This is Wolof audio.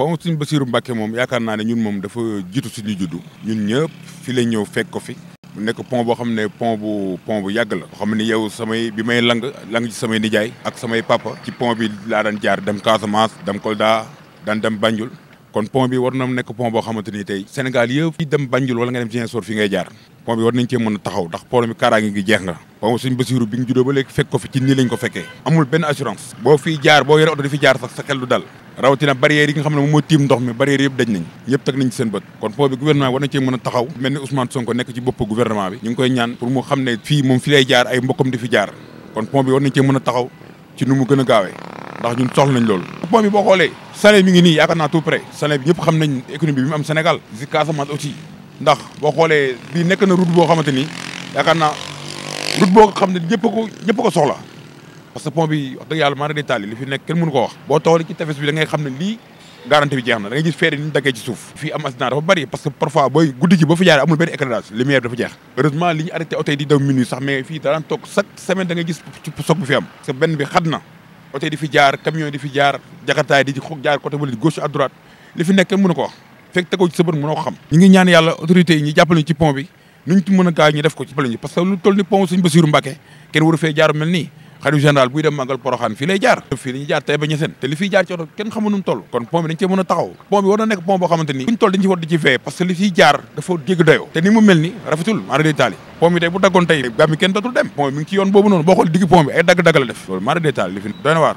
pom suñ Basiiru Mbàkke moom yaakaar naa ne ñun moom dafa jitu jiitu suñu juddu ñun ñëpp fi lañ ñëw fekk ko fi mu nekk pont boo xam ne pont bu pont bu yàgg la boo xam ne yow samay bi may lang lang ci samay nijaay ak samay papa ci pont bi laa daan jaar dem Casamance dem Kolda daan dem Banjul kon pont bi war na mu nekk pont boo xamante ni tey Sénégal yëpp fi dem Banjul wala nga dem Ziguinchor fi ngay jaar pont war nañ cee mën a taxaw ndax problème bi kaaraange gi jeex nga bo suñ bi nga juddoo ba léegi fekk ko fi ci nii lañ ko fekkee amul benn assurance boo fii jaar boo yore oto di fi jaar sax sa xel du dal rawatina barrière yi xam ne moo tiim ndox mi barrière yëpp daj nañ ñëpp teg nañ ci kon pont bi war na cee mën a taxaw mel ni Sonko nekk ci bopp gouvernement bi ñu koy ñaan pour mu xam ne fii moom fi jaar ay mbokkam ndax bo xolé bi nek na route bo xamanteni ni yaakaar route bo xamne ñepp ko ñepp ko soxla parce que pont bi wax dëgg yàlla maa day taali li fi nek kenn mënu ko wax bo tawli ci tefes bi da ngay xamne li garantie bi jeexna da ngay gis fer ni dagge ci souf fi am asna dafa bari parce que parfois boy guddi gi ba fi jaar amul ben éclairage lumière dafa jeex heureusement li ñu arrêté auto di daw minuit sax mais fi da lan tok sax semaine da ngay gis ci sok bu fi am parce que benn bi xadna auto di fi jaar camion di fi jaar jakarta di xok jaar côté ba gauche à droite li fi nek kenn mënu ko wax fekk tegoo ci sa bët mënoo ko xam ñu ngi ñaan autorité yi ñu jàppale ñu ci pont bi nuñ a def ko ci palañu parce que lu toll ni pont suñ Bassirou Mbacké kenn waru fee jaar mel nii général buy dem màggal Porokhane fii lay jaar fii la ñuy te li jaar ci oto kenn xamul kon pont bi dañ cee taxaw pont bi nekk pont boo xamante ni buñ toll te ni mu tey bu daggoon tey dem pont bi mi boobu noonu boo xool digg pont bi ay